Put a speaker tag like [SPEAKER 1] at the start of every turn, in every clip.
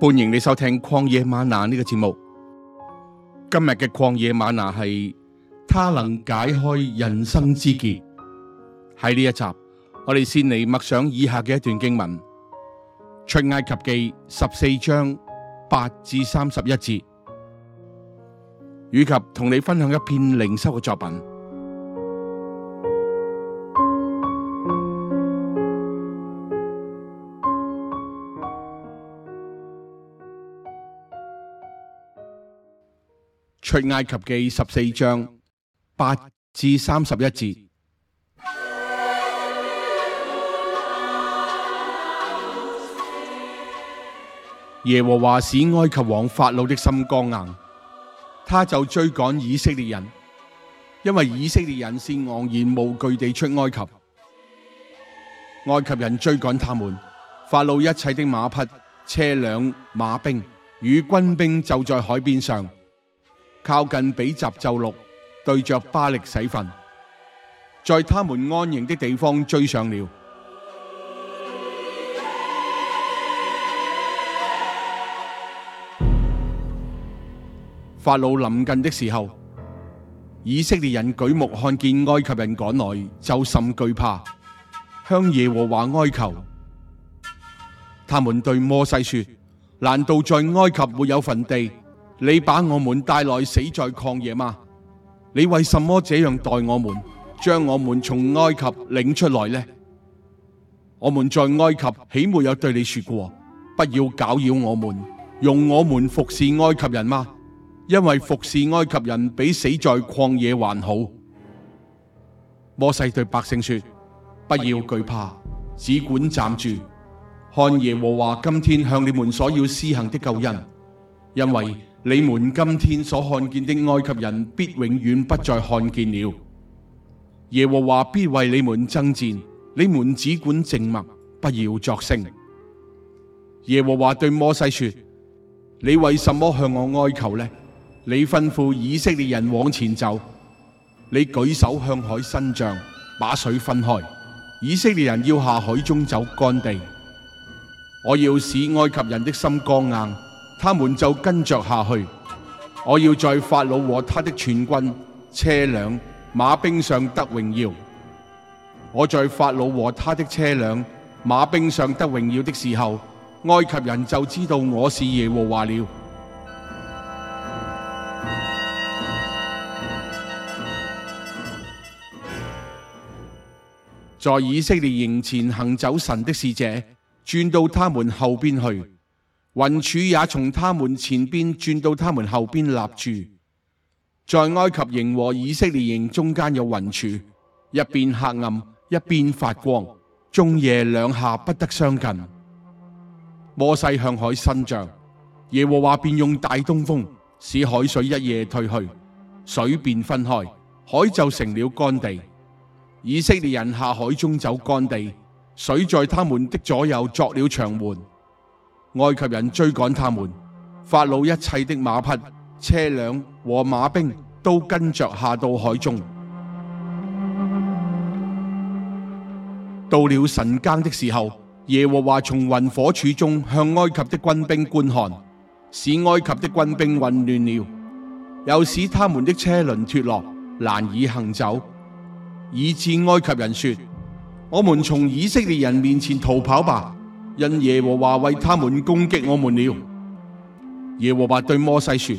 [SPEAKER 1] 歡迎你收聽曠野嗎哪呢個節目。今日嘅曠野嗎哪係祂能解開人生之結。喺呢一集，我哋先嚟默想以下嘅一段經文：出埃及記十四章八至三十一節，以及同你分享一篇靈修嘅作品。出埃及記十四章八至三十一節。耶和華使埃及王法老的心剛硬，他就追趕以色列人，因為以色列人先昂然無懼地出埃及，埃及人追趕他們，法老一切的馬匹、車輛、馬兵與軍兵就在海邊上。靠近比哈希錄，對着巴力洗分，在他們安營的地方追上了。法老臨近的時候，以色列人舉目看見埃及人趕來，就甚懼怕，向耶和華哀求。他們對摩西說：難道在埃及沒有墳地？你把我們帶來死在曠野嗎？你為什麼這樣待我們？將我們從埃及領出來呢？我們在埃及豈沒有對你說過，不要攪擾我們，用我們服侍埃及人嗎？因為服侍埃及人比死在曠野還好。摩西對百姓說：不要懼怕，只管站住，看耶和華今天向你們所要施行的救恩，因為，你們今天所看見的埃及人必永遠不再看見了。耶和華必為你們爭戰，你們只管靜默，不要作聲。耶和華對摩西說：你為什麼向我哀求呢？你吩咐以色列人往前走，你舉手向海伸杖，把水分開，以色列人要下海中走乾地。我要使埃及人的心剛硬。他們就跟着下去。我要在法老和他的全軍、車輛、馬兵上得榮耀。我在法老和他的車輛、馬兵上得榮耀的時候，埃及人就知道我是耶和華了。在以色列營前行走神的使者，轉到他們後邊去。雲柱也從他們前邊轉到他們後邊立住，在埃及營和以色列營中間有雲柱，一邊黑暗，一邊發光，中夜兩下不得相近。摩西向海伸杖，耶和華便用大東風使海水一夜退去，水便分開，海就成了乾地。以色列人下海中走乾地，水在他們的左右作了牆垣。埃及人追趕他們，法老一切的馬匹、車輛和馬兵都跟着下到海中。到了晨更的時候，耶和華從雲火柱中向埃及的軍兵觀看，使埃及的軍兵混亂了，又使他們的車輪脫落，難以行走，以致埃及人說：我們從以色列人面前逃跑吧。因耶和華為他們攻擊我們了。耶和華對摩西說：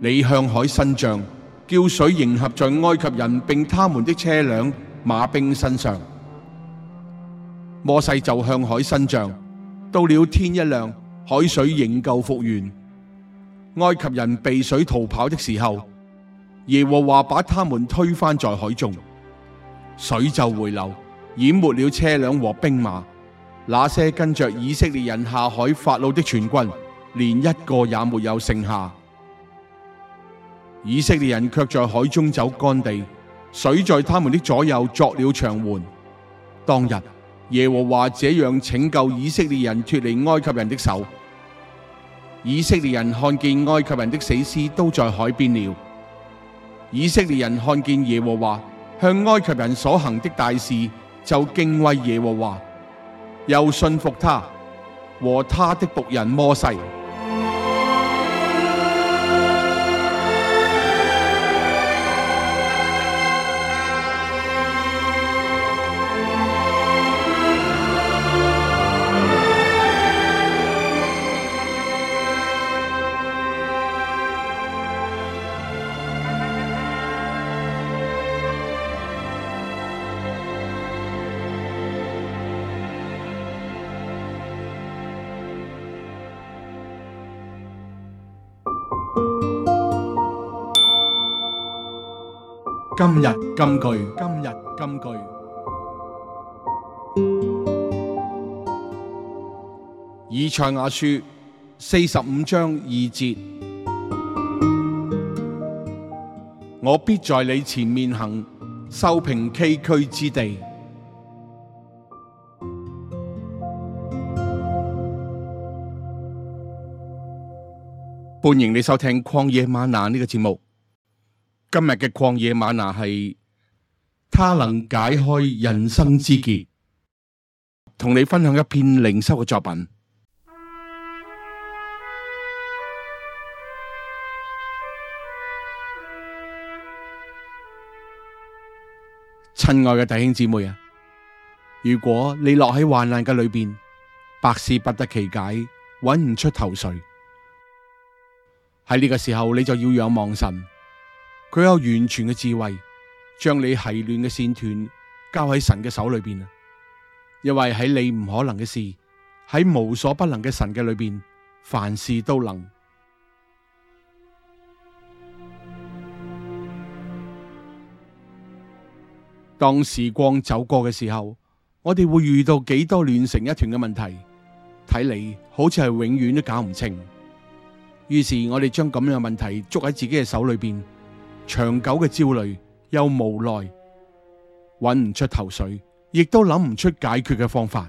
[SPEAKER 1] 你向海伸杖，叫水仍合在埃及人並他們的車輛、馬兵身上。摩西就向海伸杖，到了天一亮，海水仍舊復原。埃及人避水逃跑的時候，耶和華把他們推翻在海中，水就回流，淹沒了車輛和兵馬。那些跟着以色列人下海法老的全軍，連一個也沒有剩下。以色列人卻在海中走乾地，水在他們的左右作了牆垣。當日耶和華這樣拯救以色列人脫離埃及人的手。以色列人看見埃及人的死屍都在海邊了，以色列人看見耶和華向埃及人所行的大事，就敬畏耶和華。又信服他和他的僕人摩西。今日金句，今日金句。以賽亞書四十五章二節，我必在你前面行，修平崎嶇之地。歡迎你收聽曠野嗎哪呢個節目。今日嘅曠野嗎哪，係祂能解開人生之結，同你分享一篇靈修嘅作品。親愛嘅弟兄姊妹啊，如果你落喺患難嘅裏邊，百思不得其解，搵唔出頭緒，喺呢個時候你就要仰望神。佢有完全嘅智慧，將你係亂嘅線團交喺神嘅手裏邊啊！因為喺你唔可能嘅事，喺無所不能嘅神嘅裏邊，凡事都能。當時光走過嘅時候，我哋會遇到幾多亂成一團嘅問題，睇嚟好似係永遠都搞唔清。於是，我哋將咁樣嘅問題捉喺自己嘅手裏邊。長久嘅焦慮又無奈，揾唔出頭緒，亦都諗唔出解決嘅方法。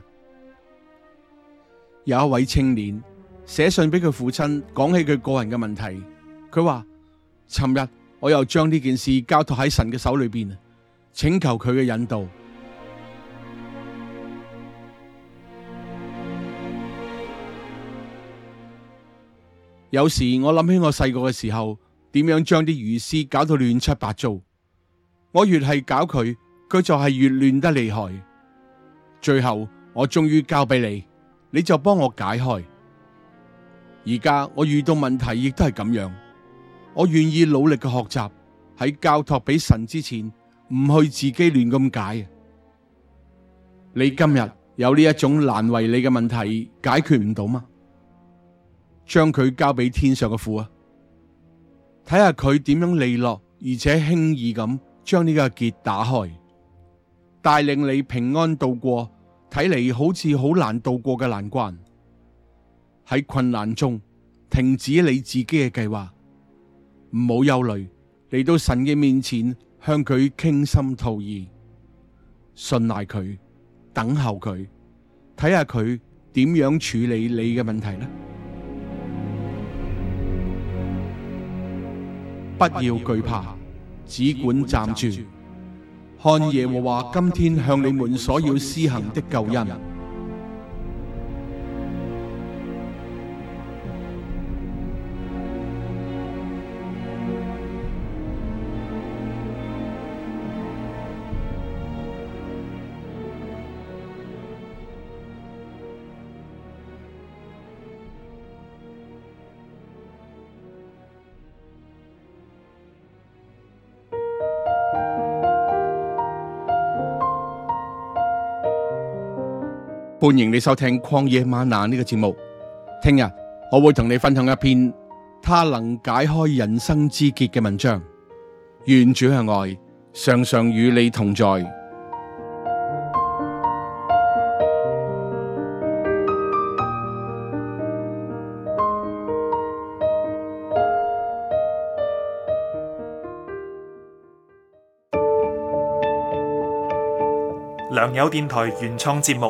[SPEAKER 1] 有一位青年寫信俾佢父親，講起佢個人嘅問題。佢話：「尋日我又將呢件事交託喺神嘅手裏邊，請求佢嘅引導。」有時我諗起我細個嘅時候。點樣將啲魚絲搞到亂七八糟，我越係搞佢，佢就係越亂得厲害。最後我終於交俾你，你就幫我解開。而家我遇到問題亦都係咁樣，我願意努力嘅學習。喺交託俾神之前，唔去自己亂咁解。你今日有呢一種難為你嘅問題解決唔到嗎？將佢交俾天上嘅父啊！睇下佢點樣利落，而且輕易咁將呢個結打開，帶領你平安度過。睇嚟好似好難度過嘅難關。喺困難中停止你自己嘅計劃，唔好憂慮，嚟到神嘅面前向佢傾心吐意，信賴佢，等候佢，睇下佢點樣處理你嘅問題呢？不要懼怕，只管站住，看耶和華今天向你們所要施行的救恩。歡迎你收聽《曠野嗎哪》呢、這個節目。聽日我會同你分享一篇，祂能解開人生之結嘅文章。願主嘅愛，常常與你同在。良友電台原創節目。